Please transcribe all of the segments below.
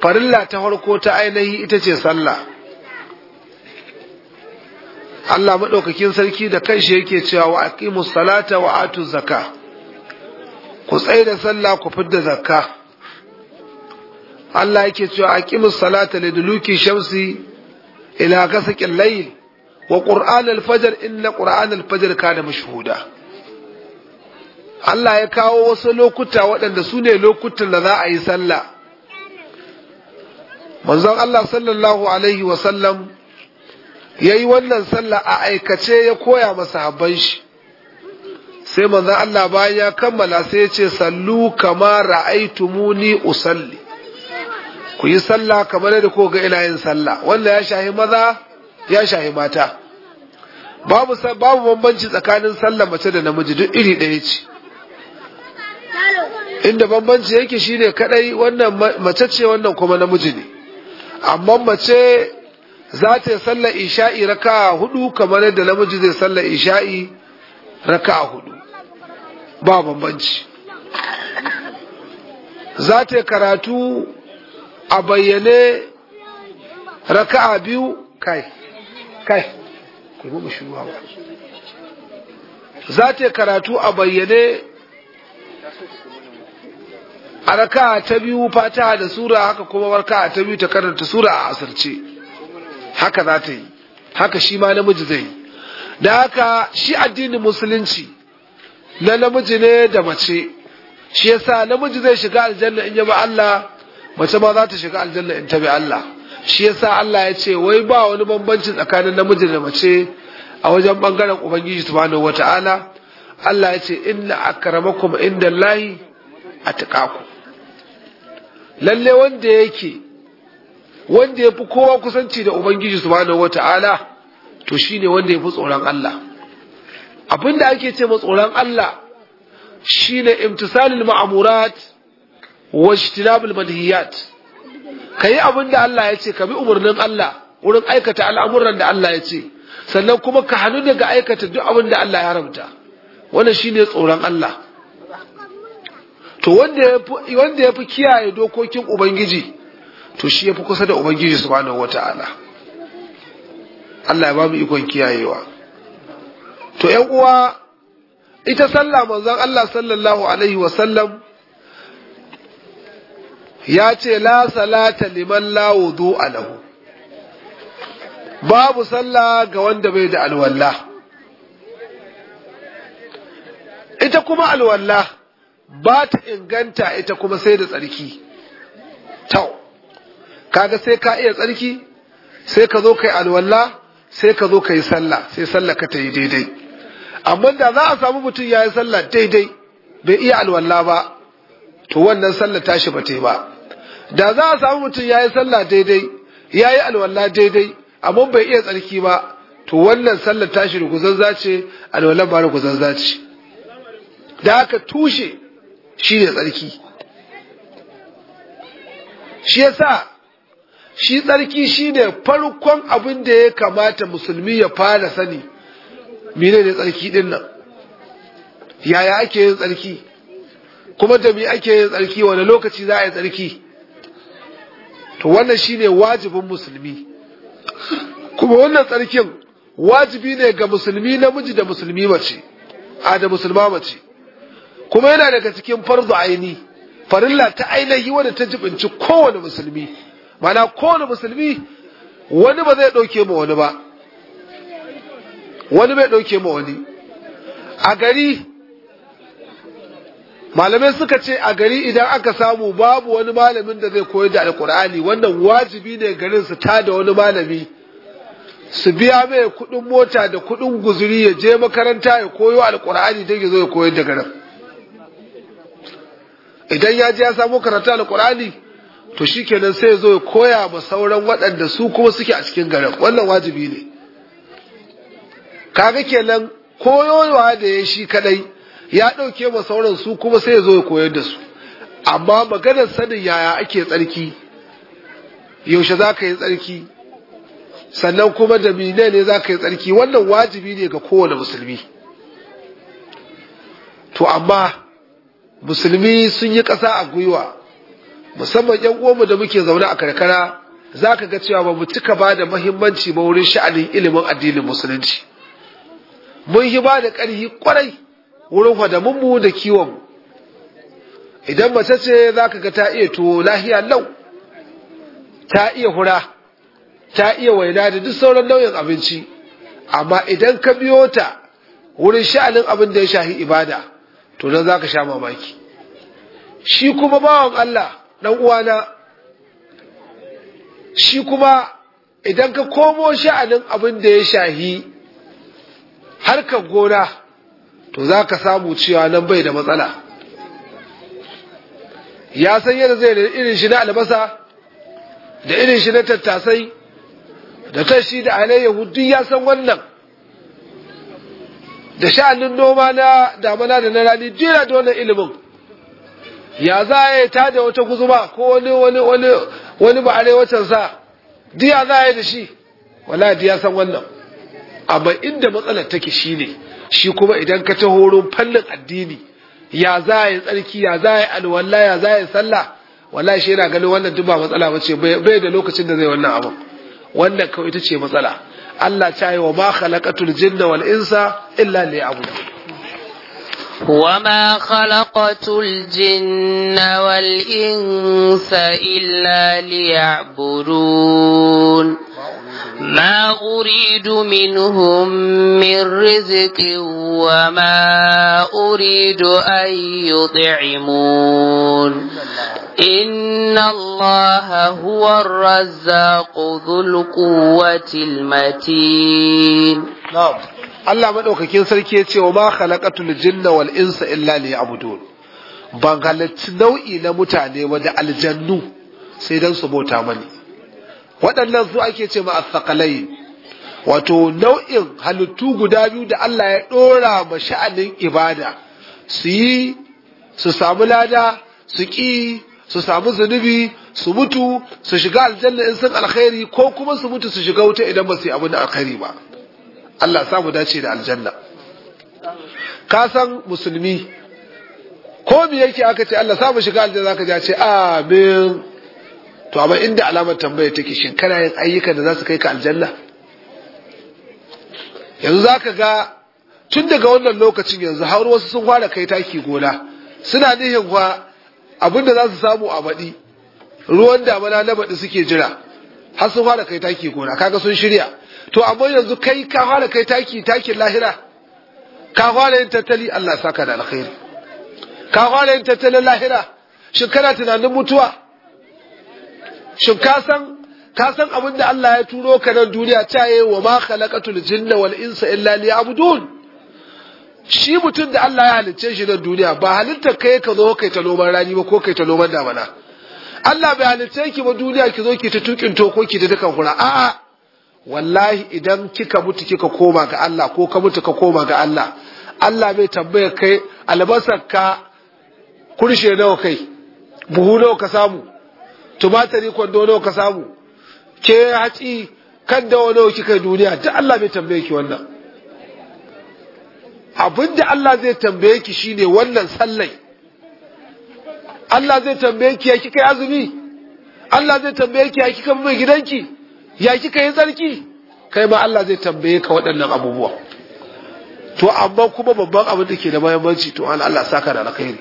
farilla ta farko ta ainihi ita ce sallah Allah maɗaukakin sarki da kanshi yake cewa wa aqimus salata wa atu zakka ku tsaye da sallah ku fidda zakka Allah yake cewa aqimus salata liduluki shamsi ila ghasaqil layl wa qur'an al-fajr inna qur'an al-fajr kana mashhuda Allah ya kawo wasu lokuta waɗanda su ne lokutan da za a yi sallah manzon Allah sallallahu alaihi wa ya yi wannan sallah a aikace ya koya masa habban shi sai manzon Allah bayan ya kammala sai ya ce sallu kama ra'aitumuni usalli ku yi sallah kamar da ku ga ina yin sallah wanda ya shahi maza ya shahi mata babu babu bambanci tsakanin sallah mace da namiji duk iri ɗaya ce inda bambanci yake shine kadai wannan mace ce wannan kuma namiji ne amma mace za ta sallar isha'i raka hudu kamar yadda namiji zai sallar isha'i raka hudu ba bambanci za ta karatu a bayyane raka'a biyu kai kai kuma shuwa ba za ta karatu a bayyane a raka ta biyu fata da sura haka kuma warka ta biyu ta karanta sura a asirce haka za ta yi haka shi ma namiji zai da haka shi addinin musulunci na namiji ne da mace shi yasa namiji zai shiga aljanna in yaba Allah mace ma za ta shiga aljanna in tabi Allah shi yasa Allah ya ce wai ba wani bambanci tsakanin namiji da mace a wajen bangaren ubangiji subhanahu wataala Allah ya ce inna akramakum a tukaku lalle wanda yake wanda yafi fi kowa kusanci da ubangiji subhanahu wata'ala to shine wanda ya tsoron Allah abinda ake ce ma tsoron Allah shine imtisalul ma'amurat wa ijtinabul manhiyat kayi abinda Allah ya ce ka bi umarnin Allah wurin aikata al'amuran da Allah ya ce sannan kuma ka hannu daga aikata duk abinda Allah ya haramta wannan shine tsoron Allah to wanda ya fi kiyaye dokokin ubangiji to shi ya fi kusa da ubangiji subhanahu wata'ala Allah ya ba mu ikon kiyayewa to ƴan uwa ita sallah manzon Allah sallallahu alaihi wa sallam ya ce la salata liman la wudu'a alahu babu sallah ga wanda bai da alwalla ita kuma alwalla ba ta inganta ita kuma sai da tsarki tau kaga sai ka iya tsarki sai ka zo kai alwala sai ka zo kai sallah sai sallah ka ta yi daidai amma da za a samu mutum ya yi sallah daidai bai iya alwala ba to wannan sallah tashi ba ta yi ba da za a samu mutum ya yi sallah daidai ya yi alwala daidai amma bai iya tsarki ba to wannan sallar tashi ruguzan zace alwala ba ruguzan zace da haka tushe shi ne tsarki shi ya sa shi tsarki shi ne farkon abin da ya kamata musulmi ya fara sani mene ne tsarki din nan yaya ake yin tsarki kuma da mi ake yin tsarki wani lokaci za a yi tsarki to wannan shi ne wajibin musulmi kuma wannan tsarkin wajibi ne ga musulmi namiji da musulmi mace a da musulma mace kuma yana daga cikin farzu aini farilla ta ainihi wanda ta jibinci kowane musulmi mana kowane musulmi wani ba zai ɗauke ma wani ba wani bai ɗauke ma wani a gari malamai suka ce a gari idan aka samu babu wani malamin da zai koyar da alkur'ani wannan wajibi ne garin su ta da wani malami su biya mai kudin mota da kudin guzuri ya je makaranta ya koyo alkur'ani don ya zo ya koyar da garin idan ya ji ya samu karatu alkur'ani to shikenan sai ya zo ya koya ma sauran waɗanda su kuma suke a cikin garin wannan wajibi ne kaga kenan koyowa da ya shi kadai ya ɗauke ma sauran su kuma sai ya zo ya koyar da su amma maganar sanin yaya ake tsarki yaushe za ka yi tsarki sannan kuma da mine ne za ka yi tsarki wannan wajibi ne ga kowane musulmi to amma musulmi sun yi ƙasa a gwiwa musamman yan uwanmu da muke zaune a karkara za ka ga cewa ba mu cika ba da mahimmanci ba wurin sha'anin ilimin addinin musulunci mun yi ba da ƙarfi kwarai wurin mu da kiwonmu idan mace ce za ka ga ta iya tuwo lahiya lau ta iya hura ta iya waina da duk sauran nau'in abinci amma idan ka biyo ta wurin sha'anin abin da ya shahi ibada to nan za ka sha mamaki shi kuma bawan Allah ɗan uwana shi kuma idan ka komo sha'anin abin da ya shahi harkar gona to za ka samu cewa nan bai da matsala ya san yadda zai da irin shi na albasa da irin shi na tattasai da kashi da alayyahu duk ya san wannan da sha'anin noma na damana da na rani jira da wannan ilimin ya za a yi ta da wata guzuma ko wani wani wani wani ba arewacin sa diya za a yi da shi wala diya san wannan amma inda matsalar take ke shi kuma idan ka ta horon fannin addini ya za a yi tsarki ya za a yi alwala ya za a yi sallah Wala shi yana ganin wannan duk ba matsala bace bai da lokacin da zai wannan abin wannan kawai ita ce matsala Allah ta yi wa ma khalaqatul jinna wal insa illa liya'budun وما خلقت الجن والإنس إلا ليعبدون ما أريد منهم من رزق وما أريد أن يطعمون إن الله هو الرزاق ذو Allah maɗaukakin sarki ya ce wa ma khalaqatul jinna wal insa illa liya'budun ban halarci nau'i na mutane wa da aljannu sai dan su bauta mani waɗannan su ake ce ma wato nau'in halittu guda biyu da Allah ya ɗora ma sha'anin ibada su yi su samu lada su ƙi, su samu zunubi su mutu su shiga aljanna in sun alkhairi ko kuma su mutu su shiga wuta idan ba su yi abin da alkhairi ba Allah samu dace da aljanna ka san musulmi ko me yake aka ce Allah samu shiga aljanna zaka ce amin to amma inda alamar tambaya take shin kana yin ayyukan da za su kai ka aljanna yanzu za ka ga tun daga wannan lokacin yanzu har wasu sun fara kai taki gona suna nihin kwa abin da za su samu a baɗi ruwan damana na baɗi suke jira har sun fara kai taki gona kaga sun shirya to amma yanzu kai ka fara kai taki takin lahira ka fara yin tattali Allah saka da alkhairi ka fara yin tattalin lahira shin kana tunanin mutuwa shin ka san ka abin da Allah ya turo ka nan duniya ta yi wa ma khalaqatul jinna wal insa illa liya'budun shi mutum da Allah ya halicce shi nan duniya ba halitta kai ka zo kai ta noman rani ba ko kai ta noman damana Allah bai halicce ki ba duniya ki zo ki ta tukin ko ki ta dukan hura a'a wallahi idan kika mutu kika koma ga Allah ko ka mutu ka koma ga Allah Allah bai tambaya kai albasar ka kurshe nawa kai buhu nawa ka samu tumatari kwando nawa ka samu ke hatsi kan dawa nawa kika duniya duk Allah bai tambaye ki wannan abin da Allah zai tambaye ki shine wannan sallai Allah zai tambaye ki ya kika azumi Allah zai tambaye ki ya kika mai gidanki ya kika yi tsarki kai ma Allah zai tambaye ka waɗannan abubuwa to amma kuma babban abin da ke da mahimmanci to Allah saka da alkhairi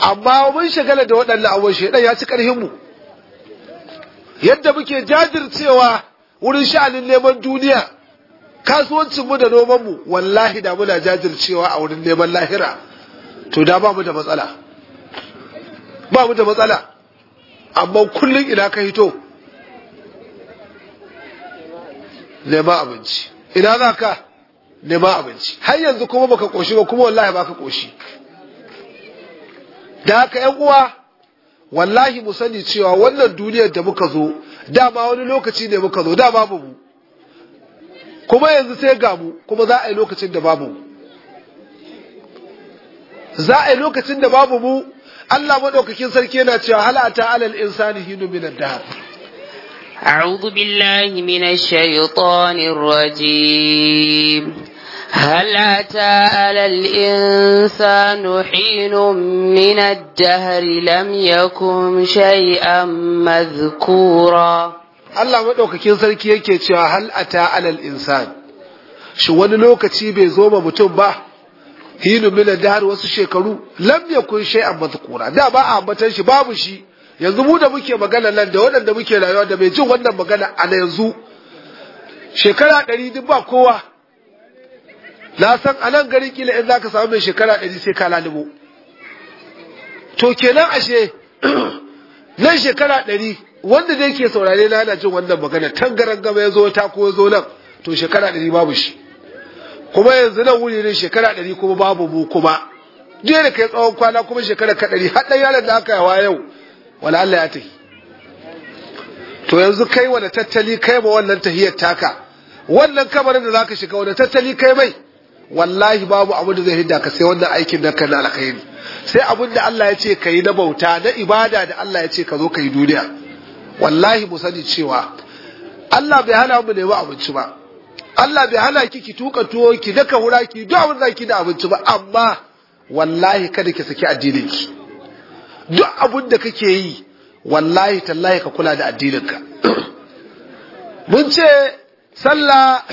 amma mun shagala da waɗannan abubuwan shaidan ya ci ƙarfin mu yadda muke jajircewa wurin sha'anin neman duniya kasuwancin mu da noman mu wallahi da muna jajircewa a wurin neman lahira to da ba mu da matsala ba mu da matsala amma kullun ina ka hito neman abinci ina za ka neman abinci har yanzu kuma baka koshi ba kuma wallahi baka koshi da haka yan uwa wallahi mu sani cewa wannan duniyar da muka zo dama wani lokaci ne muka zo da babu mu kuma yanzu sai ga mu kuma za a yi lokacin da babu mu za a yi lokacin da babu mu Allah madaukakin sarki yana cewa halata alal insani hinu min ad-dahr a'udhu billahi minash shaitanir rajim هل أتى على الإنسان حين من الدهر لم يكن شيئا مذكورا Allah maɗaukakin sarki yake cewa hal ata alal insan shi wani lokaci bai zo ma mutum ba hinu da har wasu shekaru lam yakun a mazkura da ba a ambatan shi babu shi yanzu mu da muke magana nan da waɗanda muke rayuwa da mai jin wannan magana a yanzu shekara ɗari duk ba kowa na san a nan garin kila in zaka samu mai shekara ɗari sai ka lalubo to kenan ashe nan shekara ɗari wanda zai ke saurare na yana jin wannan magana tangaran gama ya zo ta ko zo nan to shekara ɗari babu shi kuma yanzu nan wuri ne shekara ɗari kuma babu mu kuma jiya da kai tsawon kwana kuma shekara ka ɗari har ɗan yaron da aka yawa yau wala Allah ya tafi to yanzu kai wani tattali kai ma wannan tahiyar taka wannan kamarin da zaka shiga wani tattali kai mai wallahi babu abin da zai hidda ka sai wannan aikin nan kana alkhairi sai abin da Allah ya ce ka yi na bauta na ibada da Allah ya ce ka zo ka yi duniya wallahi mu sani cewa Allah bai hana mu nemi abinci ba Allah bai hana ki ki tuka tuwo ki daka hura ki duk abin da ki da abinci ba amma wallahi kada ki saki addinin ki duk abin da kake yi wallahi tallahi ka kula da addinin ka mun ce sallah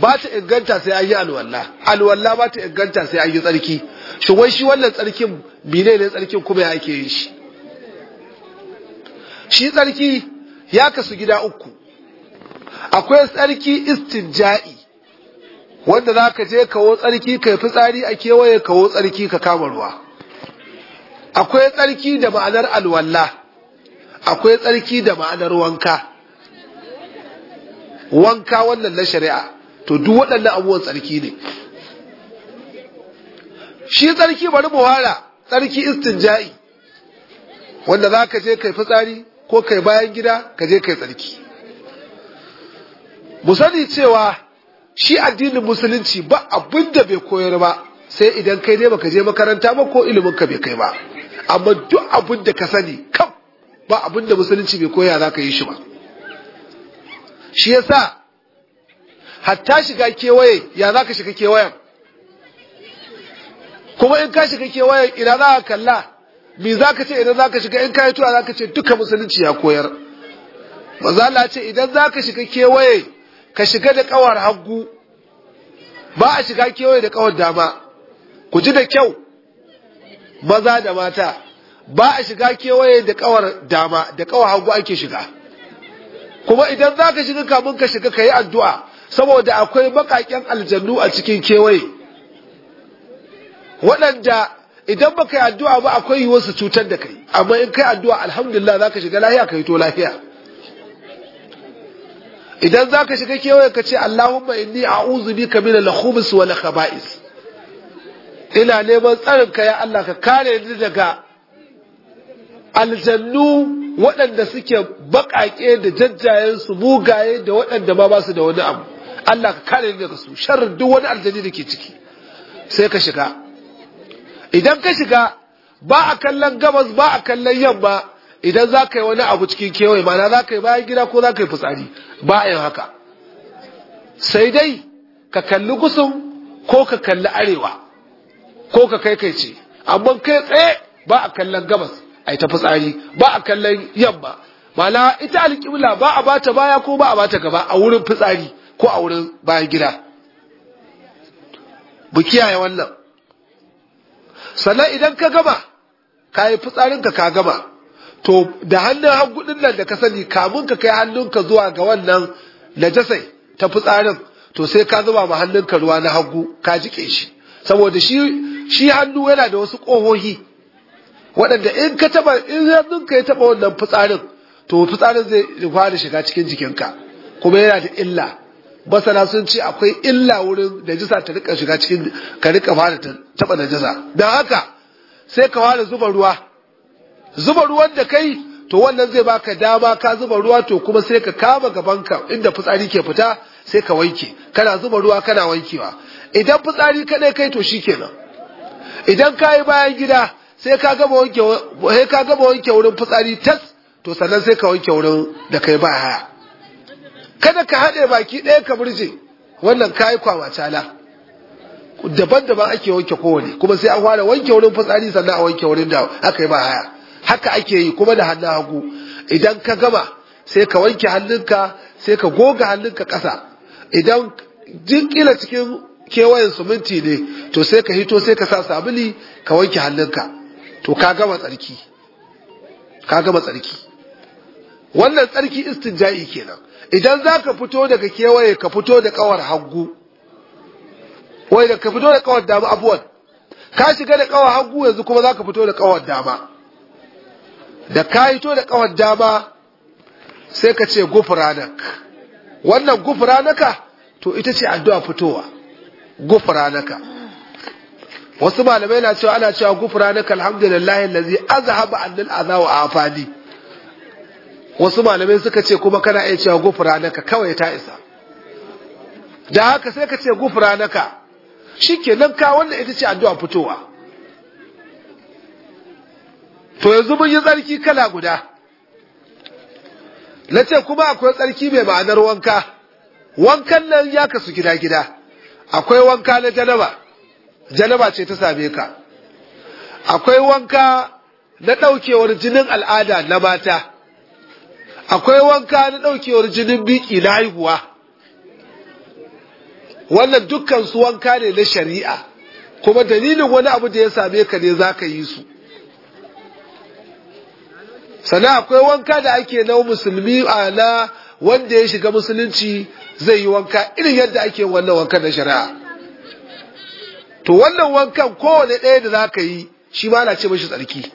ba ta inganta sai an yi alwalla alwalla ba ta inganta sai an yi tsarki shi wai shi wannan tsarkin bine ne tsarkin kuma ya ake yin shi shi tsarki ya kasu gida uku akwai tsarki istinja'i wanda za ka je kawo tsarki ka yi fitsari a kewaye kawo tsarki ka kama ruwa akwai tsarki da ma'anar alwalla akwai tsarki da ma'anar wanka wanka wannan na shari'a to duk waɗannan abubuwan tsarki ne shi tsarki bari mu wara tsarki istinja'i wanda za ka je kai fitsari ko kai bayan gida ka je kai tsarki mu sani cewa shi addinin musulunci ba abin da bai koyar ba sai idan kai ne baka je makaranta ba ko ilimin ka bai kai ba amma duk abin da ka sani kam ba abin da musulunci bai koya za ka yi shi ba shi yasa hatta shiga kewaye ya za ka shiga kewayen kuma in ka shiga kewayen ina za ka kalla me za ka ce idan za ka shiga in ka yi tuwa za ka ce duka musulunci ya koyar mazala ce idan za ka shiga kewaye ka shiga da kawar hagu ba a shiga kewaye da kawar dama ku ji da kyau maza da mata ba a shiga kewaye da kawar dama da kawar hagu ake shiga kuma idan za ka shiga kamun ka shiga ka yi addu'a saboda akwai bakaken aljannu a cikin kewaye waɗanda idan ka yi addu'a ba akwai yiwuwar su cutar da kai amma in kai addu'a alhamdulillah ka shiga lahiya ka yi to lahiya. idan za ka shiga kewaye ka ce Allahumma inni a'udhu ka mina al wa wal khaba'is ina neman tsarin ka ya Allah ka kare ni daga aljannu waɗanda suke baƙaƙe da jajjayen su mugaye da waɗanda ba ba su da wani abu Allah ka kare daga su shar duk wani aljani da ke ciki sai ka shiga idan ka shiga ba a kallon gabas ba a kallon yamma idan za ka yi wani abu cikin kewaye mana za ka yi bayan gida ko za ka yi fitsari ba a yin haka sai dai ka kalli gusun ko ka kalli arewa ko ka kai kai ce amma kai tsaye ba a kallon gabas a yi ta fitsari ba a kallon yamma mana ita alƙibla ba a bata baya ko ba a bata gaba a wurin fitsari ko a wurin bayan gida bu kiyaye wannan sannan idan ka gama ka yi fitsarinka ka gama to da hannun hagudin nan da ka sani kamun ka kai hannunka zuwa ga wannan najasai ta fitsarin to sai ka zuba ma hannunka ruwa na hagu ka jike shi saboda shi hannu yana da wasu kohohi, waɗanda in ka taba in hannunka ya taba wannan fitsarin to fitsarin zai fara shiga cikin jikinka kuma yana da illa basana sun ce akwai illa wurin najisa ta rika shiga cikin ka rika fara taba najisa don haka sai ka fara zuba ruwa zuba ruwan da kai to wannan zai baka dama ka zuba ruwa to kuma sai ka kama gabanka inda fitsari ke fita sai ka wanke kana zuba ruwa kana wankewa idan fitsari kadai kai to shikenan idan ka yi bayan gida sai ka gama wanke sai ka gaba wanke wurin fitsari tas to sannan sai ka wanke wurin da kai ba haya kada ka haɗe baki ɗaya ka burje wannan ka kwawa cala daban-daban ake wanke kowane kuma sai an fara wanke wurin fitsari sannan a wanke wurin da aka yi ba haya haka ake yi kuma da hannun hagu idan ka gama sai ka wanke hannunka sai ka goga hannunka ƙasa idan jinkila cikin kewayen suminti ne to sai ka hito sai ka sa sabuli ka wanke hannunka to ka gama tsarki ka gama tsarki wannan tsarki istinja'i kenan idan za ka fito daga kewaye ka fito da kawar hagu wai da ka fito da kawar dama abuwan ka shiga da kawar hagu yanzu kuma za ka fito da kawar dama da ka yi to da kawar dama sai ka ce gufuranak. wannan gufuranaka to ita ce addu'a fitowa gufuranaka. wasu malamai na cewa ana cewa gufranaka alhamdulillahi an azhaba annal adha a afani wasu malamai suka ce kuma kana iya cewa gufranaka kawai ta isa da haka sai ka ce ke shikenan ka wannan ita ce addu'a fitowa to yanzu mun yi tsarki kala guda na ce kuma akwai tsarki mai ma'anar wanka wankan nan ya kasu gida gida akwai wanka na janaba janaba ce ta same ka akwai wanka na ɗaukewar jinin al'ada na mata akwai wanka na ɗaukewar jinin biki na haihuwa wannan dukkan su wanka ne na shari'a kuma dalilin wani abu da ya same ka ne za ka yi su sana akwai wanka da ake na musulmi na wanda ya shiga musulunci zai yi wanka irin yadda ake wannan wanka na shari'a to wannan wankan kowane ɗaya da za ka yi shi ma na ce mashi tsarki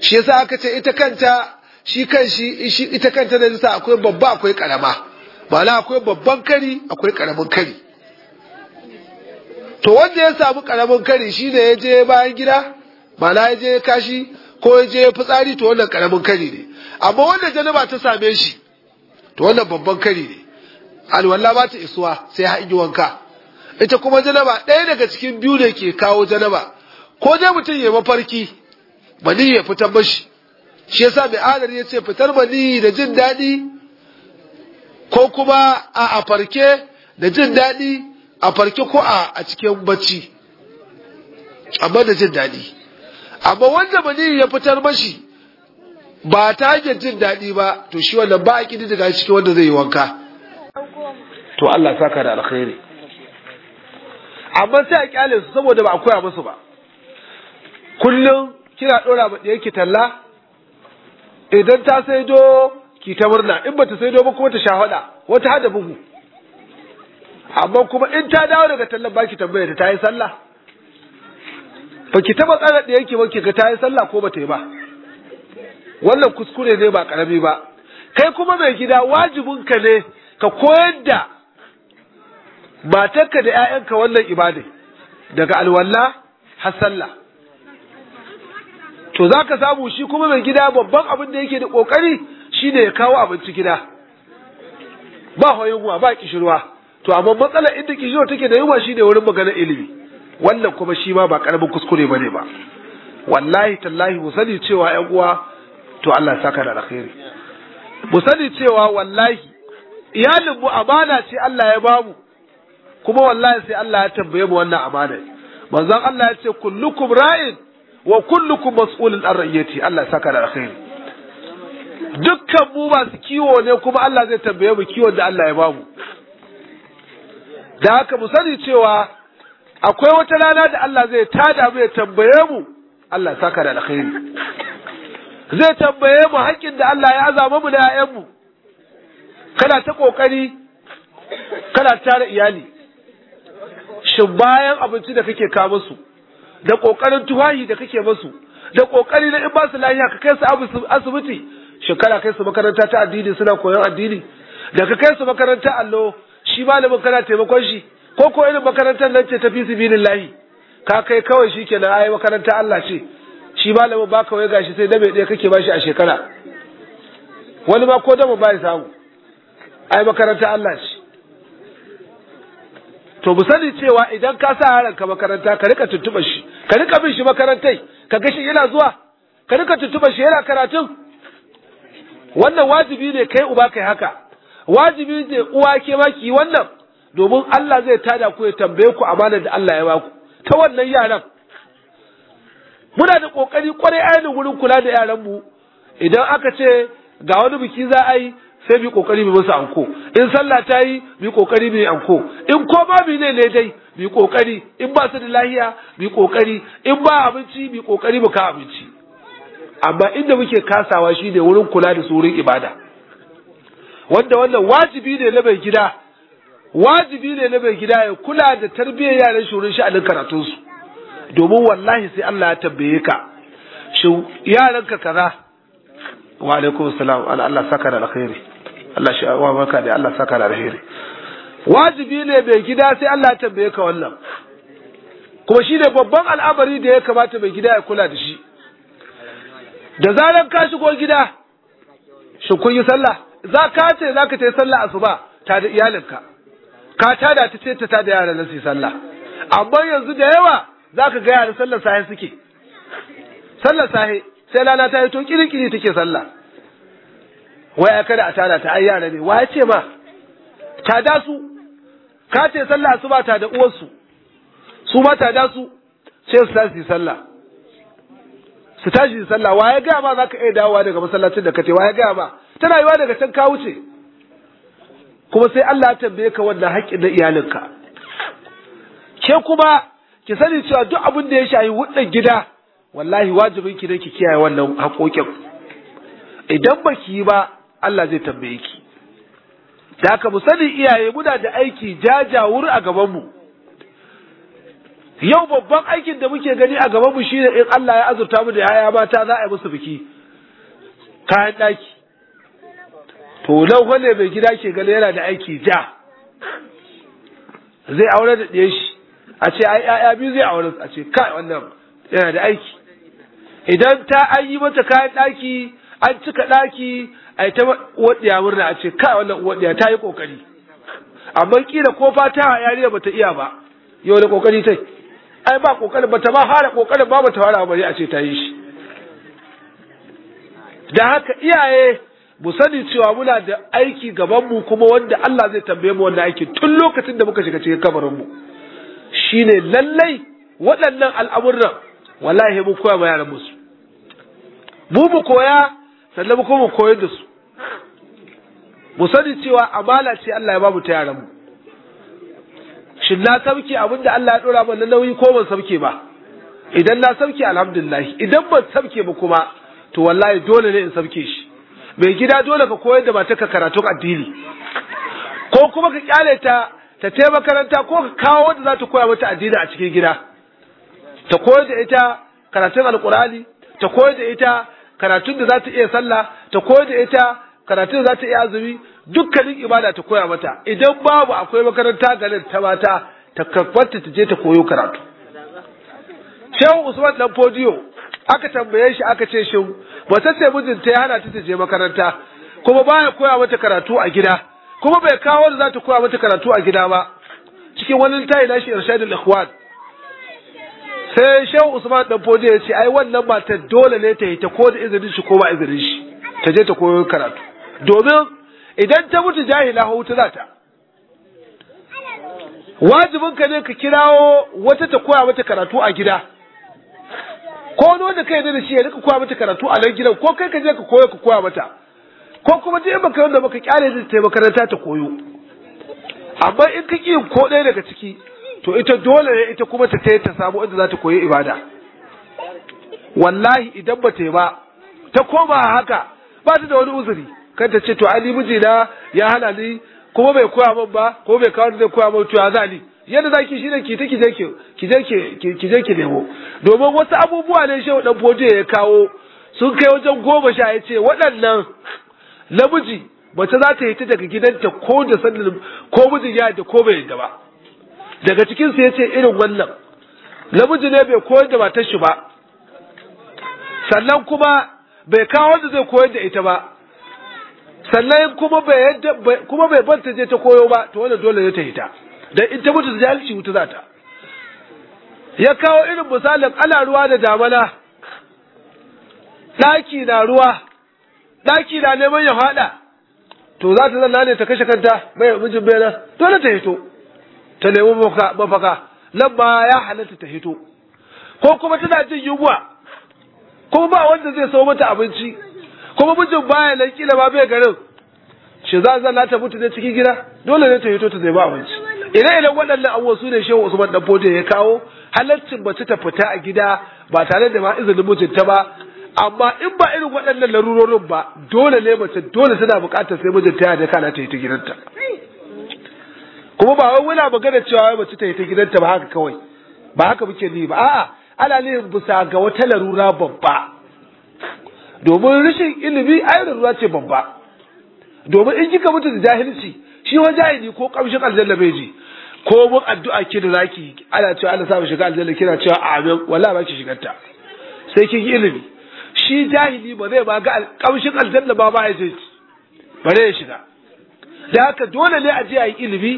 shi yasa aka ce ita kanta shi kan shi ita kanta nisa akwai babba akwai karama la akwai babban kari akwai karamin kari to wanda ya samu karamin kari shi da ya je bayan gida la ya je kashi ko ya je fitsari to wannan karamin kari ne amma wanda janaba ta same shi to wannan babban kari ne alwala ba ta isuwa sai ha yi wanka ita kuma janaba ɗaya daga cikin biyu da ke kawo janaba ko dai mutum ya mafarki ni ya fitar mashi shi yasa mai adar ya ce fitar ni da jin daɗi ko kuma a farke da jin daɗi a farke ko a cikin bacci amma da jin daɗi amma wanda ni ya fitar mashi ba ta hanyar jin daɗi ba to shi wannan ba a ƙi daga cikin wanda zai yi wanka to Allah saka da alkhairi amma sai a kyale su saboda ba a koya musu ba kullum kina ɗora ba ɗaya ki talla idan ta do ki ta murna in bata saido ba kuma ta sha hada wata hada bugu amma kuma in ta dawo daga tallan baki tambaya ta yi sallah ba ki taba tsara da yake wanki ga ta yi sallah ko ba ta yi ba wannan kuskure ne ba karami ba kai kuma mai gida wajibin ka ne ka koyar da matarka da 'ya'yanka wannan ibadai daga alwala har sallah to za ka samu shi kuma mai gida babban abin da yake da ƙoƙari shi ne ya kawo abinci gida ba hoyinwa ba kishirwa to amma matsalar inda kishirwa take da yunwa shi ne wurin maganar ilimi wannan kuma shi ma ba ƙaramin kuskure ba ne ba wallahi tallahi mu sani cewa ‘yan uwa to Allah ya saka da alkhairi mu sani cewa wallahi iyalinmu amana ce Allah ya bamu kuma wallahi sai Allah ya tambaye mu wannan amana manzon Allah ya ce kullukum ra'in wa kullukum mas'ulun an ra'iyati Allah saka da alkhairi dukkan mu masu kiwo ne kuma Allah zai tambaye mu kiwon da Allah ya bamu da haka mu sani cewa akwai wata rana da Allah zai tada mu ya tambaye mu Allah saka da alkhairi zai tambaye mu haƙƙin da Allah ya azama mu da ƴaƴanmu kana ta kokari kana tare iyali shin bayan abinci da kake kawo musu da kokarin tuwayi da kake masu da kokari na in ba su lafiya ka kai su asibiti shekara kai su makaranta ta addini suna koyon addini da ka kai su makaranta allo shi malamin kana taimakon shi ko ko irin makarantar nan ce ta fi sabilillahi ka kai kawai shi kenan ai makaranta Allah ce shi malamin ba kawai gashi sai dabe ɗaya kake bashi a shekara wani ma ko dama ba ya samu ai makaranta Allah ce to mu sani cewa idan ka sa ka makaranta ka rika tuntuɓa shi ka rika bin shi makarantai ka ga shi yana zuwa ka rika tuntuɓa shi yana karatun wannan wajibi ne kai uba kai haka wajibi ne uwa ke ma ki wannan domin Allah zai tada ku ya tambaye ku amanar da Allah ya ba ku. ta wannan yaran muna da kokari kwarai ainihin wurin kula da yaran mu idan aka ce ga wani biki za a yi sai bi kokari mu musu anko in sallah ta yi bi kokari mu anko in ko ba mu ne ne dai bi kokari in ba su da lahiya bi kokari in ba abinci bi kokari mu ka abinci amma inda muke kasawa shine wurin kula da surun ibada wanda wannan wajibi ne na mai gida wajibi ne na mai gida ya kula da tarbiyyar yaran shi wurin sha'anin karatunsu domin wallahi sai Allah ya tambaye ka shin yaranka kaza wa alaikum salam Allah saka da alkhairi Allah shi wa maka da Allah saka da alheri wajibi ne bai gida sai Allah ya tambaye ka wannan kuma shi ne babban al'amari da ya kamata mai gida ya kula da shi da zaran ka shigo gida shi kun yi sallah za ka ce za ka ta yi sallah asuba ta da iyalinka ka tada ta ce ta ta da yaran su yi sallah amma yanzu da yawa za ka ga yaran sallar sahi suke sallar sahi sai lana ta yi to kirikiri take sallah wai kada a tada ta ai yara ne wa ya ce ma tada su ka ce sallah su ba ta da uwarsu su ma tada su ce su tashi sallah su tashi sallah wa ya ga ma za ka iya dawowa daga masallacin da ka ce wa ya ga ma tana yiwa daga can ka wuce kuma sai Allah ya tambaye ka wannan haƙƙin na iyalinka ke kuma ki sani cewa duk abin da ya shayi wuɗin gida wallahi wajibin ki ne ki kiyaye wannan haƙoƙin idan ba yi ba Allah zai tambaye ki da ka mu sani iyaye muna da aiki jajawur a gaban mu yau babban aikin da muke gani a gaban mu shine in Allah ya azurta mu da yaya mata za a yi musu biki kayan daki to nan wanne mai gida ke gani yana da aiki ja zai aure da ɗaya shi a ce ai ya'ya biyu zai aure a ce kai wannan yana da aiki idan ta an yi mata kayan ɗaki an cika ɗaki a yi ta murna a ce ka wannan wadiya ta yi ƙoƙari amma kila ko fata a yariya ba ta iya ba yau da ƙoƙari ta ai ba kokari ba ta ba fara ƙoƙarin ba ba ta fara bari a ce ta yi shi da haka iyaye mu sani cewa muna da aiki gaban mu kuma wanda Allah zai tambaye mu wannan aikin tun lokacin da muka shiga cikin kabarin mu shine lallai waɗannan al'amuran wallahi mu koya ma yaran musu mu mu koya sannan mu kuma mu koyar da su mu sani cewa amala ce Allah ya bamu ta yaran mu shin na sauke abin da Allah ya dora mana nauyi ko ban sauke ba idan na sauke alhamdulillah idan ban sauke ba kuma to wallahi dole ne in sauke shi mai gida dole ka koyar da ka karatu addini ko kuma ka kyale ta ta taimaka makaranta ko ka kawo wanda za ta koya mata addini a cikin gida ta koyar da ita karatun alkurani ta koyar da ita karatun da za ta iya sallah ta koyar da ita karatu za ta iya azumi dukkanin ibada ta koya mata idan babu akwai makaranta garin ta mata ta karfarta ta je ta koyo karatu shehu usman dan fodiyo aka tambaye shi aka ce shin wata sai mijinta ya hana ta ta je makaranta kuma baya koya mata karatu a gida kuma bai kawo da za ta koya mata karatu a gida ba cikin wani tayi nashi irshadul ikhwan sai shehu usman dan fodiyo ya ce ai wannan matar dole ne ta yi ta ko da izinin shi ko ba izinin shi ta je ta koyo karatu domin idan ta mutu jahila hutu za ta wajibinka ne ka kirawo wata ta koya mata karatu a gida ko wanda da kai da shi ya duka koya mata karatu a nan gidan ko kai ka je ka koya ka koya mata ko kuma je baka wanda baka kyale da ta makaranta ta koyo amma in ka ki ko ɗaya daga ciki to ita dole ne ita kuma ta ta ta samu inda za ta koyi ibada wallahi idan ba ta yi ba ta koma haka ba ta da wani uzuri kada ce to ali mijina ya hana ni kuma bai koya min ba ko bai kawo zai koya min to ya za ni yadda za ki shine ki ta ki je ki ki ki je ki nemo domin wasu abubuwa ne shehu dan bodo ya kawo sun kai wajen goma sha yace ce waɗannan namiji mace za ta yi ta daga gidanta ko da sanin ko mijin ya da ko bai yadda ba daga cikin su yace irin wannan namiji ne bai koyar da matar shi ba sannan kuma bai kawo wanda zai koyar da ita ba sannan kuma bai kuma bai bar ta je ta koyo ba to wannan dole ne ta hita dan in ta mutu jahilci wuta za ta ya kawo irin misalin ana ruwa da damana ɗaki na ruwa ɗaki na neman ya faɗa to za ta zanna ne ta kashe kanta mai mijin bai nan dole ta hito ta nemi mafaka nan ba ya halatta ta hito ko kuma tana jin yunwa ko ba wanda zai sau mata abinci kuma mijin baya nan kila ma bai garin shi za za ta mutu ne cikin gida dole ne ta yi ta zai ba abinci ire iren waɗannan abubuwa su ne wasu usman dan bode ya kawo halaccin ba ta fita a gida ba tare da ma izinin mijinta ba amma in ba irin waɗannan larurorin ba dole ne mace dole tana buƙatar sai mijinta ya da kana ta yi ta gidanta kuma ba wai muna magana cewa mace ta yi ta gidanta ba haka kawai ba haka muke ni ba a'a ana ne bisa ga wata larura babba domin rashin ilimi ai ruwa ce babba domin in kika mutu da jahilci shi wa jahili ko kamshin aljanna bai ji ko mun addu'a ki da zaki ana cewa Allah sa mu shiga aljanna kina cewa amin wallahi ba ki ta sai kin yi ilimi shi jahili ba zai ba ga kamshin aljanna ba ba ya ji ba zai shiga da haka dole ne a je a yi ilimi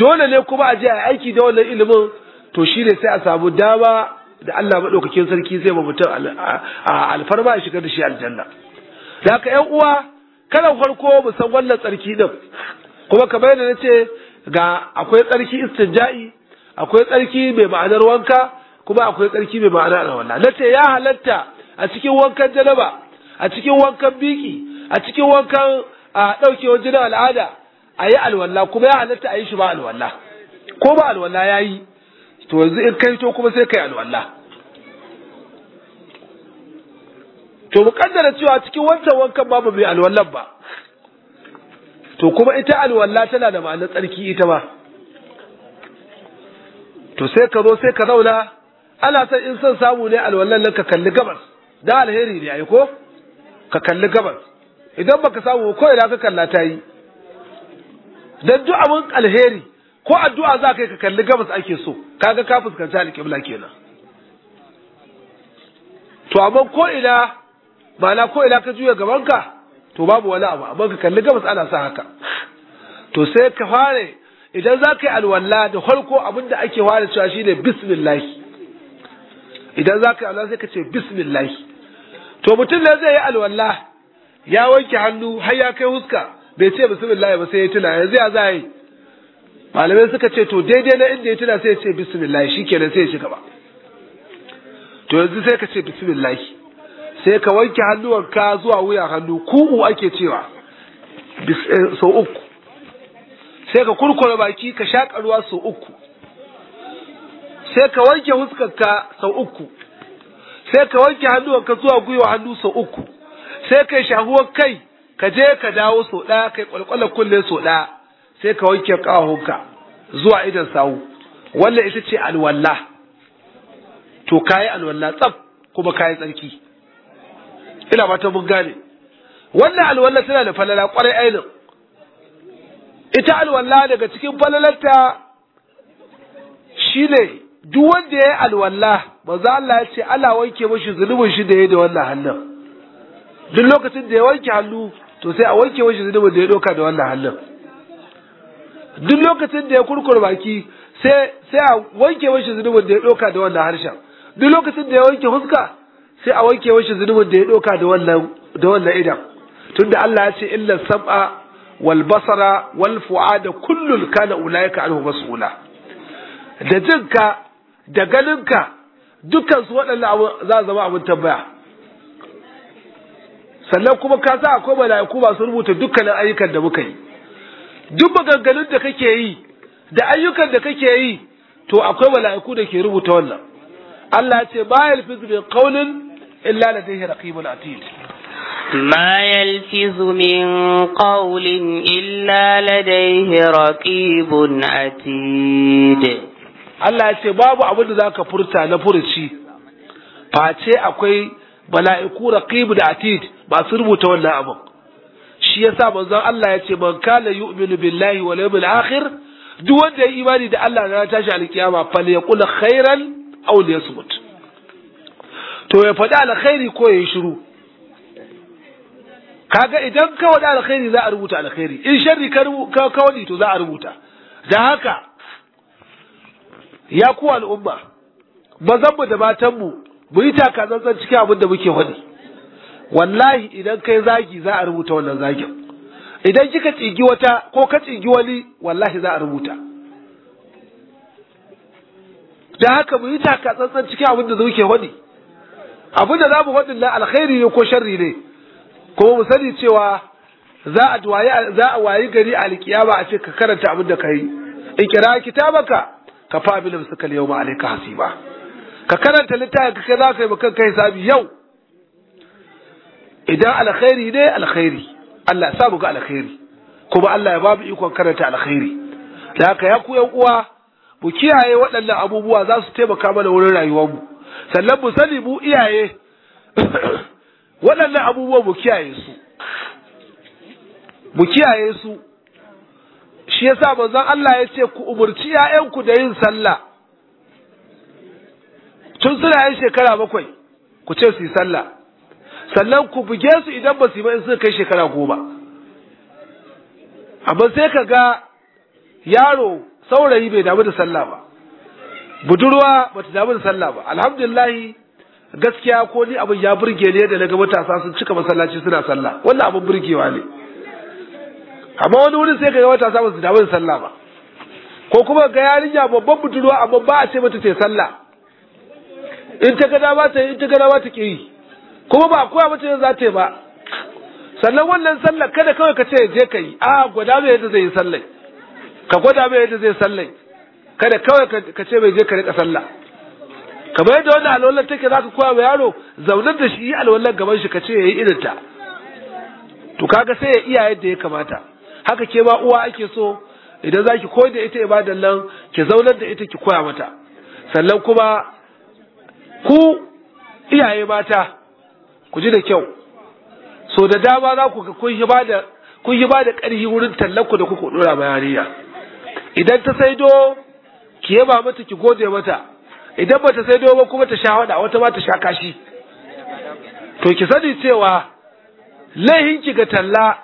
dole ne kuma a je a aiki da wannan ilimin to shi ne sai a samu dama da Allah maɗaukakin sarki zai ba mutum alfarma ya shigar da shi aljanna da ka ƴan uwa kalan farko mu san wannan tsarki din kuma kamar bayyana na ce ga akwai tsarki istinja'i akwai tsarki mai ma'anar wanka kuma akwai tsarki mai ma'anar wannan. na ce ya halatta a cikin wankan janaba a cikin wankan biki a cikin wankan a jinin al'ada a yi alwala kuma ya halatta a yi shi ba alwala ko ba alwala ya yi to yanzu in kai to kuma sai kai alwala to mu kaddara cewa cikin wancan wankan mu bi alwallan ba to kuma ita alwalla tana da ma'anar tsarki ita ma to sai ka zo sai ka zauna ana san in son samu ne alwallan nan ka kalli gabas da alheri ne ai ko ka kalli gabas idan baka samu ko ina ka kalla ta yi dan duk abun alheri ko addu'a za ka yi ka kalli gabas ake so kaga ka fuskanci alƙibla kenan to amma ko ina ma'ana ko ina ka juya gabanka to babu wani abu amma ka kalli gabas ana sa haka to sai ka fara idan za ka yi alwala da halko abin da ake fara cewa shine bismillah idan za ka yi alwala sai ka ce bismillah to mutum ne zai yi alwala ya wanke hannu har ya kai huska bai ce bismillah ba sai ya tuna yanzu ya za yi malamai suka ce to daidai na inda ya tuna sai ya ce bismillah shikenan sai ya shiga gaba to yanzu sai ka ce bismillah sai ka wanke hannuwanka zuwa wuya hannu ku'u ake cewa eh, sau uku sai ka kurkure baki ka shaƙa ruwa sau uku sai ka wanke huskarka sau uku sai ka wanke hannuwanka zuwa gwiwa hannu sau uku sai ka yi shahuwar kai ka je ka dawo sau ɗaya kai kwalkwalar kulle sau ɗaya sai ka wanke kahonka zuwa idan sawu wannan ita ce alwalla to kayi alwalla tsaf kuma kayi tsarki ina ba ta mun gane wannan alwalla tana da falala kwarai ainin ita alwalla daga cikin falalarta shine duk wanda ya yi alwalla Allah ya ce Allah wanke mashi zunubin shi da ya da wannan hannun duk lokacin da ya wanke hannu to sai a wanke mashi zunubin da ya doka da wannan hannun duk lokacin da ya kurkur baki sai sai a wanke mashi zunubin da ya doka da wannan harshen duk lokacin da ya wanke huska sai a wanke mashi zunubin da ya doka da wannan da wannan idan tunda Allah ya ce illa sab'a wal basara wal fu'ada kullun kana ulaika anhu mas'ula da jinka da ganinka dukkan su waɗannan za zama abin tambaya sannan kuma ka sa akwai mala'iku masu rubuta dukkanin ayyukan da muka yi duk maganganun da kake yi da ayyukan da kake yi to akwai mala'iku da ke rubuta wannan Allah ce ba yalfizu bi qawlin illa ladayhi raqibun atid ما يلفظ من قول إلا لديه رقيب عتيد Allah ya ce babu abin da zaka furta na furuci face akwai bala'iku raqib da atid ba su rubuta wannan abin shi yasa manzon Allah ya ce man kana yu'minu billahi wal yawmil akhir duk wanda ya imani da Allah na tashi alkiyama fal yaqul khairan aw liyasmut to ya faɗi alkhairi ko ya yi shiru kaga idan ka wada alkhairi za a rubuta alkhairi in sharri ka kawani to za a rubuta da haka ya ku al'umma mu da matan mu yi takazantsan cikin abin da muke wani wallahi idan kai zagi za a rubuta wannan zagin idan kika tsigi wata ko ka tsigi wani wallahi za a rubuta da haka mu yi taka tsantsan cikin abin da zuke wani abin da za mu faɗin alkhairi ne ko sharri ne kuma mu sani cewa za a za a wayi gari a alkiyama a ce ka karanta abin da ka yi in kira kitabaka ka fa bil suka yau ma alayka hasiba ka karanta littafin ka za ka yi maka kai hisabi yau idan alkhairi ne alkhairi Allah ya sa ga alkhairi kuma Allah ya babu mu ikon karanta alkhairi da haka ya ku yan uwa mu kiyaye waɗannan abubuwa za su taimaka mana wurin rayuwarmu sannan mu sani mu iyaye waɗannan abubuwa mu kiyaye su mu kiyaye su shi yasa manzon Allah ya ce ku umurci yayanku da yin sallah tun suna yin shekara bakwai ku ce su yi sallah sannan ku buge su idan ba su yi ba in suka kai shekara goma amma sai ka ga yaro saurayi bai damu da sallah ba budurwa ba ta damu da sallah ba alhamdulillahi gaskiya ko ni abin ya burge ne da na ga matasa sun cika masallaci suna sallah wannan abin burgewa ne amma wani wurin sai ka ga matasa ba su damu da sallah ba ko kuma ga yarinya babban budurwa amma ba a ce mata ta yi sallah in ta ga dama ta yi in ta ga dama ta ke yi kuma ba kowa mace za ta ba sannan wannan sallar kada kawai ka ce je ka yi a gwada mai yadda zai yi sallai ka gwada mai yadda zai sallai kada kawai ka ce mai je ka rika sallah kamar yadda wannan alwallar take za ka koya wa yaro zaunar da shi yi alwallar gaban shi ka ce ya yi irin ta to kaga sai ya iya yadda ya kamata haka ke ma uwa ake so idan za ki koyar da ita ibadan nan ki zaunar da ita ki koya mata sannan kuma ku iyaye mata ku ji da kyau so da dama za ku ga kun yi ba da kun yi ba da ƙarfi wurin tallanku da kuka dora bayaniya idan ta saido ki yaba mata ki gode mata idan bata saido ba kuma ta sha wada wata ma ta sha kashi to ki sani cewa laihin ki ga talla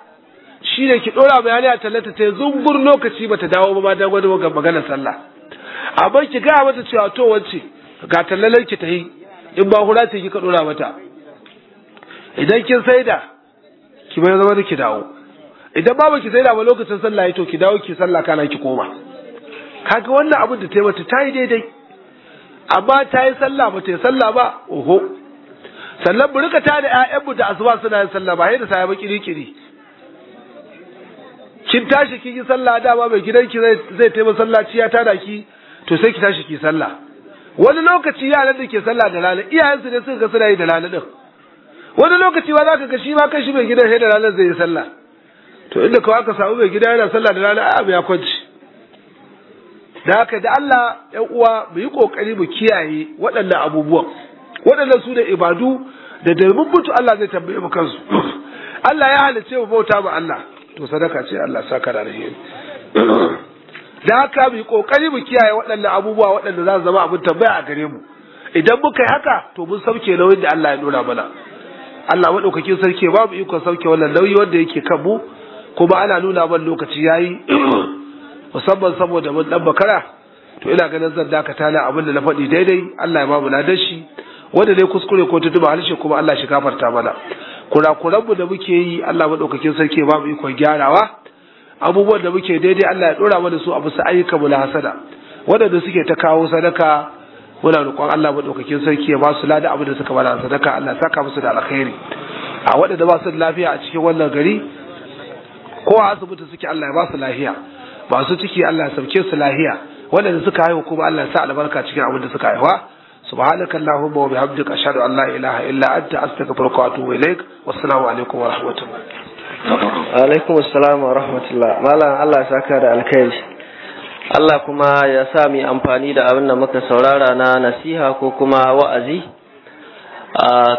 shine ki dora bayaniya tallata ta zungur lokaci bata dawo ba ma dan gwada ga maganar sallah amma ki ga mata cewa to wance ga tallalar ki ta yi in ba hura ta ki ka dora mata idan kin saida ki bai zama ki dawo idan babu ki saida ba lokacin sallah ya to ki dawo ki sallah kana ki koma kaga wannan abin da ta yi mata ta yi daidai amma ta yi sallah ba ta yi sallah ba oho sannan mu da tada mu da asuba suna yin sallah ba sai da sai ba kiri kin tashi kin yi sallah ba mai gidanki zai zai taimaka sallaci ya tada ki to sai ki tashi ki sallah wani lokaci yaran da ke sallah da rana iyayensu ne suka ga suna yi da rana din wani lokaci ba za ka ga shi ma kashi shi mai gidan sai da ranar zai yi sallah to inda kawai aka samu mai gida yana sallah da ranar abu ya kwanci da haka da Allah ‘yan uwa mu yi kokari mu kiyaye waɗannan abubuwan waɗannan su da ibadu da da mutu Allah zai tambaye mu kansu Allah ya halice mu bauta ma Allah to sadaka ce Allah saka da alheri da haka mu yi kokari mu kiyaye waɗannan abubuwa waɗanda za su zama abin tambaya a gare mu idan muka yi haka to mun sauke nauyin da Allah ya nuna mana Allah madaukakin sarki babu ikon sauke wannan nauyi wanda yake kan mu kuma ana nuna ban lokaci yayi musamman saboda mun dan bakara to ina ganin zan dakata na abin da na faɗi daidai Allah ya bamu na shi wanda dai kuskure ko ta tutuba harshe kuma Allah shi kafarta mana kurakuran mu da muke yi Allah maɗaukakin sarki babu ikon gyarawa abubuwan da muke daidai Allah ya dora mana su a bisa ayyukan mu na hasada waɗanda suke ta kawo sadaka muna roƙon Allah madaukakin sarki ya ba su lada abin da suka bada sadaka Allah ya saka musu da alkhairi a waɗanda ba su da lafiya a cikin wannan gari ko a asibiti suke Allah ya ba su lafiya su ciki Allah ya sauke su lafiya waɗanda suka haihu kuma Allah ya sa albarka cikin abin da suka haihuwa سبحانك اللهم وبحمدك أشهد أن لا إله إلا أنت أستغفرك وأتوب إليك والسلام عليكم ورحمة الله alaikum assalam wa rahmatullah malam Allah ya saka da alkhairi Allah kuma ya sa mu amfani da abin da muka saurara na nasiha ko kuma wa'azi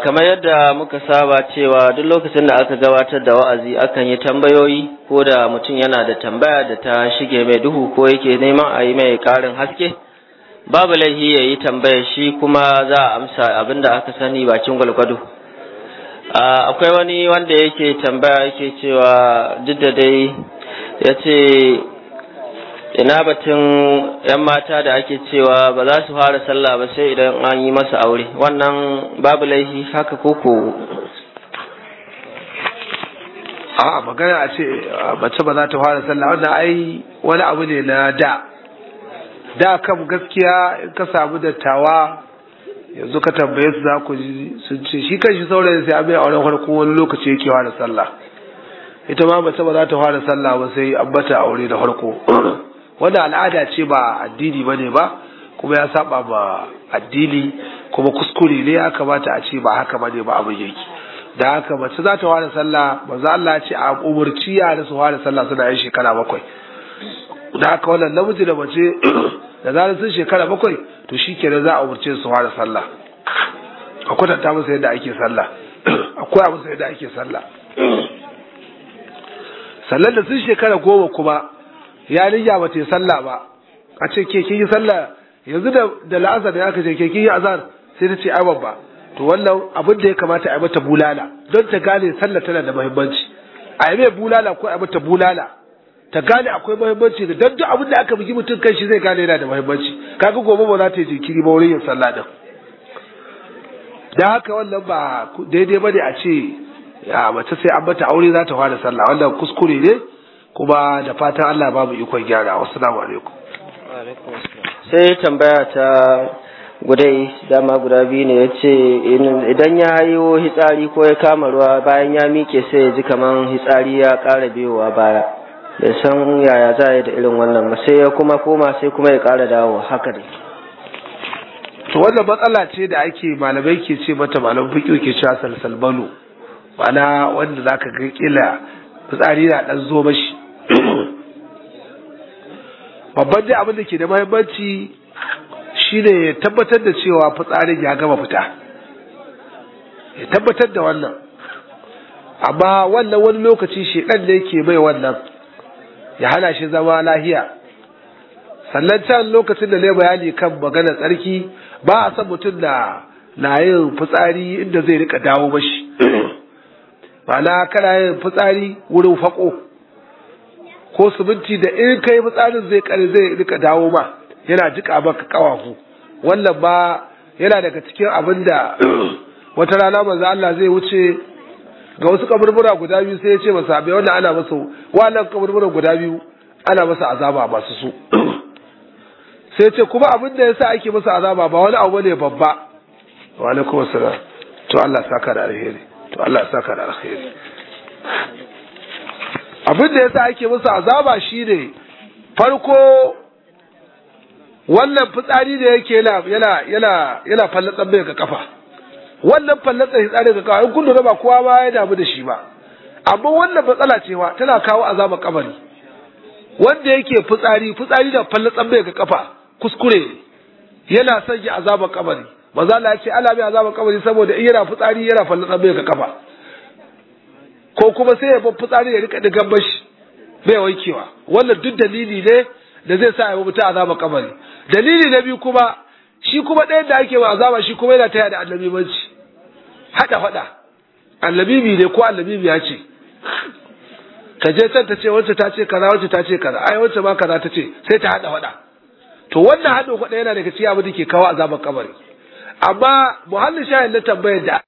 kamar yadda muka saba cewa duk lokacin da aka gabatar da wa'azi akan yi tambayoyi ko da mutum yana da tambaya da ta shige mai duhu ko yake neman a yi mai karin haske babu laifi ya yi tambayar shi kuma za a amsa abin da aka sani bakin gwalgwado akwai wani wanda yake tambaya yake cewa duk da dai ya ce ina batun yan mata da ake cewa ba za su fara sallah ba sai idan an yi masa aure wannan babu laifi haka koko a magana a ce mace ba za ta fara sallah wannan ai wani abu ne na da da kan gaskiya in ka samu dattawa yanzu ka tambaye su za ku ji sun ce shi kan shi saurayin sai abin auren farko wani lokaci yake fara sallah ita ma mace ba za ta fara sallah ba sai an bata aure da farko wanda al'ada ce ba addini bane ba kuma ya saba ba addini kuma kuskure ne ya kamata a ce ba haka bane ba abin yake da haka mace za ta fara sallah manzo Allah ya ce a umurci da su fara sallah suna yin shekara bakwai da haka wannan namiji da mace da zarar sun shekara bakwai to shikenan za a umurce su fara sallah a kwatanta musu yadda ake sallah a koya musu yadda ake sallah sannan da sun shekara goma kuma yarinya ba ta yi sallah ba a ce ke yi sallah yanzu da da la'azar da aka ce ke yi azar sai ta ce ai babba to wannan abin da ya kamata a yi mata bulala don ta gane sallah tana da muhimmanci a yi mai bulala ko a yi mata bulala ta gane akwai mahimmanci da don duk abin da aka bugi mutum kan shi zai gane yana da muhimmanci kaga gobe ba za ta yi jinkiri ba wurin yin sallah da haka wannan ba daidai ba ne a ce ya mace sai an bata aure za ta fara sallah wannan kuskure ne kuma da fatan Allah babu ikon gyara assalamu alaikum sai tambaya ta gudai dama guda biyu ne ya ce idan ya hayo hitsari ko ya kama ruwa bayan ya mike sai ya ji kamar hitsari ya ƙara biyowa baya bai san yaya za yi da irin wannan ba sai ya kuma koma sai kuma ya ƙara dawo haka ne to wannan matsala ce da ake malamai ke ce mata malam fiƙi ke cewa salsalbano ma'ana wanda zaka ga kila fitsari na ɗan zo mashi babban dai abin da ke da mahimmanci shine ya tabbatar da cewa fitsarin ya gama fita ya tabbatar da wannan amma wannan wani lokaci ɗan ne ke mai wannan ya hana shi zama lahiya sannan can lokacin da na bayani kan maganar tsarki ba a san mutum da na yin fitsari inda zai rika dawo mashi ma'ana kana yin fitsari wurin faƙo. ko siminti da in kai fitsarin zai kare zai rika dawo ma yana jika maka kawafu wannan ma yana daga cikin abin da wata rana manzo Allah zai wuce ga wasu kaburbura guda biyu sai ya ce masa bai wannan ana masa wannan kaburbura guda biyu ana masa azaba masu su sai ce kuma abin da yasa ake masa azaba ba wani abu ne babba wa alaikum assalam to Allah saka da alheri to Allah saka da alheri abin da yasa ake musu azaba shi ne. farko wannan fitsari da yake yana fallatsar mai ga kafa wannan fallatsan fitsari ga kawai kun lura ba kowa ba ya damu da shi ba amma wannan matsala cewa tana kawo azaba kamari wanda yake fitsari fitsari da fallatsar mai ga kafa kuskure yana sanya azaba kamari Ba za la ce ala bai azaba kamari saboda in yana fitsari yana fallatsar mai ga kafa ko kuma sai ya fitsari ya rika digan bashi bai wankewa wannan duk dalili ne da zai sa ya mutu azaba kamari. dalili na biyu kuma shi kuma ɗayan da ake wa azaba shi kuma yana taya da annabimanci haɗa faɗa bi ne ko bi ya ce ka je can ta ce wacce ta ce kaza wacce ta ce kaza ai wacce ma kaza ta ce sai ta haɗa haɗa. to wannan haɗin faɗa yana daga cikin abin da ke kawo azabar kamari. amma muhallin shahin na tambayar da